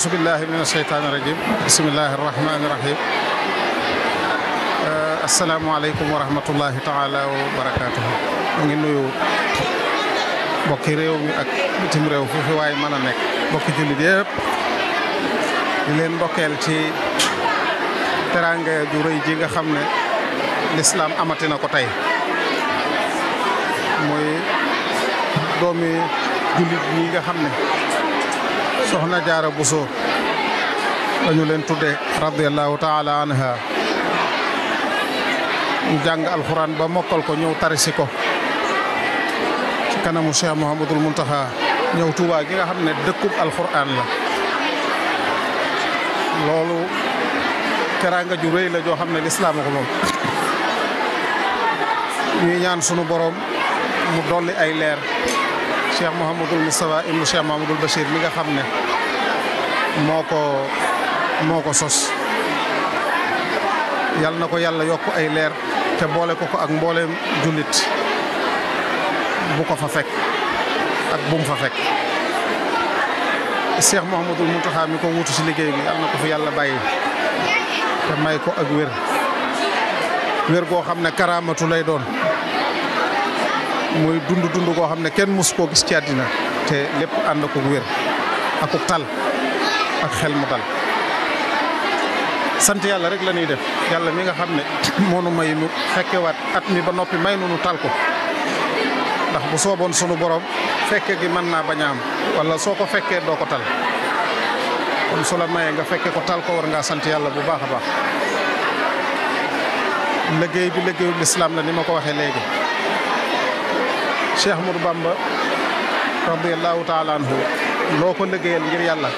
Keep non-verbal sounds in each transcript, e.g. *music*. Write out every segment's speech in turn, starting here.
أعوذ بالله من الشيطان الرجيم بسم الله الرحمن الرحيم asalaamaaleykum wa rahmatullahi taala wa barakaatuhu mu ngi nuyu bokki réew ak bitim réew fu fi waay mën a nekk bokki jullit yëpp leen mbokkeel ci teraanga ju rëy ji nga xam ne lislaam amati na ko tey muy doomi jullit ñi nga xam ne soxna jaara buso dañu leen tudde radiallahu taala anha jàng alxuraan ba mokkal ko ñëw tarisi ko ci kanamu cheikh mouhamadul muntaha ñëw tuubaa gi nga xam ne dëkkub alxuraan la loolu teraanga ju rëy la joo xam ne lislaam ko moom ñuy ñaan sunu boroom mu dolli ay leer Cheikh Mouhamadul Moustapha ibnu Cheikh Mouhamadul Bachir mi nga xam ne moo ko moo ko sos yal na ko yàlla yokk ay leer te boole ko ko ak mbooleem jullit bu ko fa fekk ak bum fa fekk Cheikh Mouhamadul Mountakha mi ko wutu ci liggéey bi yal na ko fi yàlla bàyyi te may ko ak wér wér goo xam ne karaamatu lay doon muy dund dund koo xam ne kenn mosu koo gis ci àddina te lépp ànd ko wér ak tal ak xel mu dal sant yàlla rek la ñuy def yàlla mi nga xam ne *laughs* moonu may nu fekkewaat at mi ba noppi may nu tal ko ndax bu sooboon sunu boroom fekke gi mën naa bañ a am wala soo ko fekkee doo ko tal kon su la mayee nga fekke ko tal ko war ngaa sant yàlla bu baax a baax liggéey bi liggéeyu lislaam la ni ma ko waxee léegi Cheikh Ahmadou Bamba radiyallahu taala anhu loo ko liggéeyal ngir yàlla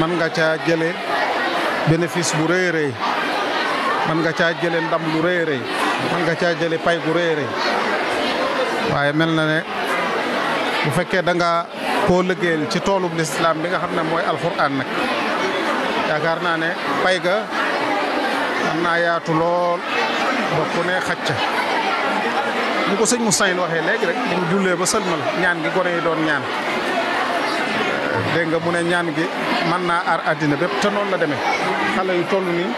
man nga caa jële bénéfice bu rëy rëy man nga caa jële ndam lu rëy rëy man nga caa jële pay gu rëy rëy waaye mel na ne bu fekkee danga nga koo liggéeyal ci toolu lislaam bi nga xam ne mooy alxuraan nag yaakaar naa ne pay ga mën naa yaatu lool ba ku xacca mu ko sëñ Moussaïn waxee léegi rek mu jullee ba sëlmal ñaan gi gone yi doon ñaan dégg nga mu ne ñaan gi mën naa aar àddina bépp te noonu la demee xale yu toll nii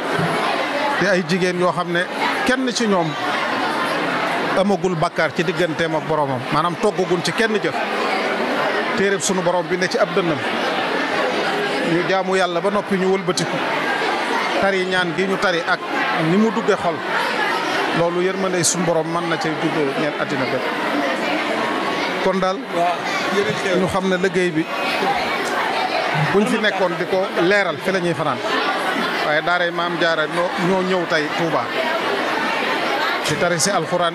di ay jigéen yoo xam ne kenn ci ñoom amagul bakkaar ci digganteem ak boromam maanaam toggagun ci kenn jëf téere sunu borom bi ne ci ab dënnam ñu jaamu yàlla ba noppi ñu wëlbatiku tari ñaan gi ñu tari ak ni mu dugge xol loolu yërmande suñu borom mën na cay dugg ñeent addina bépp kon daal ñu xam ne liggéey bi buñ fi nekkoon di ko leeral fi la ñuy fanaan waaye daaray maam jaara ñoo ñëw tey Touba di tari alxuraan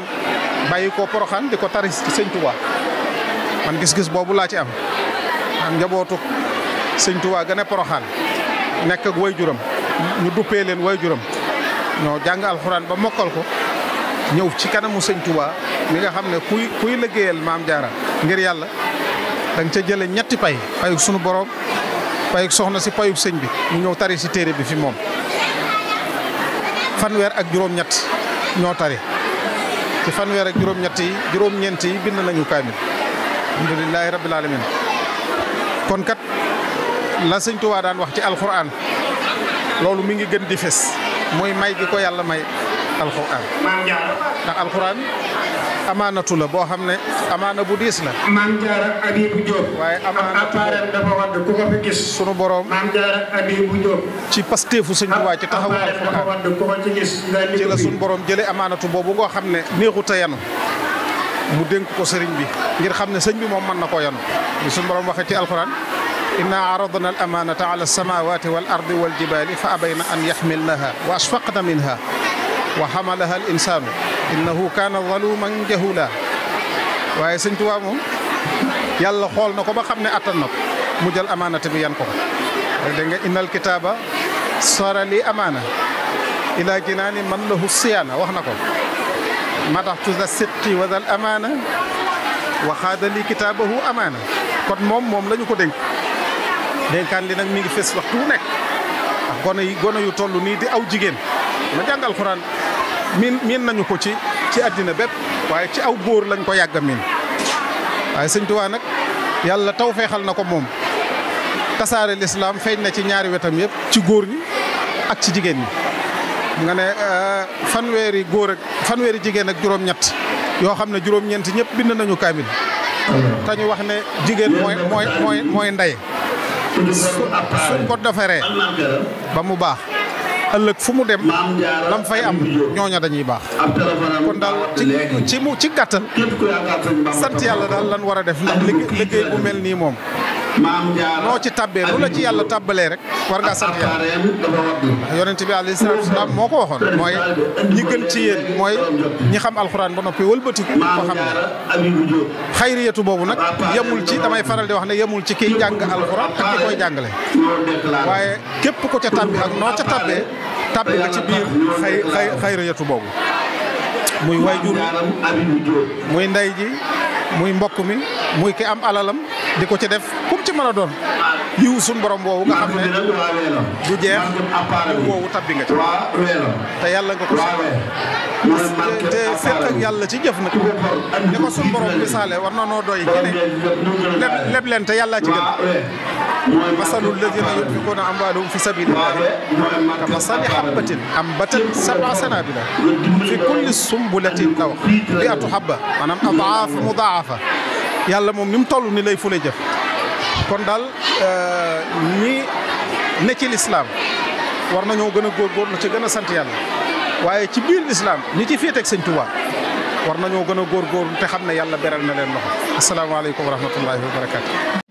bàyyi ko poroxaan di ko tari si sëñ Touba man gis-gis boobu laa ci am am njabootu sëñ Touba gën a poroxaan nekk ak way juram ñu duppee leen way juram ñoo jàng alxuraan ba mokkal ko ñëw ci kanamu sëñtuwaa Touba mi nga xam ne kuy kuy liggéeyal maam jaara ngir yàlla da nga ca jële ñetti pay payuk sunu boroom payuk soxna si payuk sëñ bi ñu ñëw tari si téere bi fi moom fanweer ak juróom-ñett ñoo tari ci fanweer ak juróom-ñett yi juróom-ñeent yi bind nañu kaamil alhamdulilahi rabbil alamin kon kat la sëñ Touba daan wax ci alxuraan loolu mu ngi gën di fes mooy may gi ko yàlla may alxuraan ndax alxuraan boo xam ne amaana bu diis la. waaye sunu borom maam Diarra Habibou ci pasteefu sëñ bi waa ci ku la sunu borom amaanatu boobu nga xam ne. neexut a yanu mu dénk ko sëriñ bi ngir xam ne sëñ bi moom mën na koo yanu. li sunu borom waxee ci alxuraan. inna aradna al ala samawati wal ardi wal jibali fa abayna an yaxmilnaha wa ashfaqna minha wa xamalaha al insaanu innahu kaana zaluman jahula waaye sëñ Tuubaa moom yàlla xool na ko ba xam ne attan na ko mu jël amaana tamit yan ko ko da nga innal kitaaba sara li amaana ila jinaani man lahu siyaana wax na ko matax tax tusa siqi wa dal amaana waxaada li kitaabahu amaana kon moom moom lañu ko dénk dénkaan li nag mi ngi fes waxtu nekk ndax gone yi yu toll nii di aw jigéen ma jàngal xuraan miin miin nañu ko ci ci àddina bépp waaye ci aw góor lañ ko yàgg a miin waaye sëñ nag yàlla taw feexal na ko moom tasaare lislaam feeñ na ci ñaari wetam yëpp ci góor ñi ak ci jigéen ñi nga ne euh, fanweeri góor ak fanweeri jigéen ak juróom-ñett yoo xam ne juróom-ñeent ñëpp bind nañu kaamil te wax ne jigéen mooy mooy mooy ndey suñ ko defaree ba mu baax ëllëg fu mu dem lam fay am ñooña dañuy baax kon daal ci ci mu ci gàttal yàlla daal lan war a def ndax liggéey bu mel nii moom noo ci tabbee lu la ci yàlla tabbalee rek war ngaa sant yàlla ndax yonent bi alayhi salaatu wasalaam moo ko waxoon mooy ñi gën ci yéen mooy ñi xam alxuraan ba noppi wëlbatiku ko xam ne xayriyatu boobu nag yemul ci damay faral di wax ne yemul ci kiy jàng alxuraan ak ki koy jàngale waaye képp ko ca tabbi ak noo ca tabbee tabbi nga ci biir xayriyatu boobu muy waajur muy ndey ji muy mbokk mi muy ki am alalam di ko ci def kum ci mën a doon yiw suñu borom boobu nga xam ne du jeex boobu tabbi ci te yàlla nga ko yàlla ci jëf nag ni ko suñu borom misaale war na noo doy ci ne leb yàlla ci gën masalul ladina yunfiquna amwaalahum fi sabilillahi ka masali habbatin ambatat sab'a fi kulli sumbulatin la bi atu habba maanaam adaafa mudaafa yàlla moom ni mu toll ni lay fule jëf kon daal euh, ñi ne ci lislaam war nañoo gën a góorgóorlu ci gën a sant yàlla waaye ci biir lislaam ñi ci fii teg sëñ Tuubaa war na ñoo gën a góorgóorlu te xam ne yàlla beral na leen loxo asalaamaaleykum wa rahmatullahi wa barakaatu.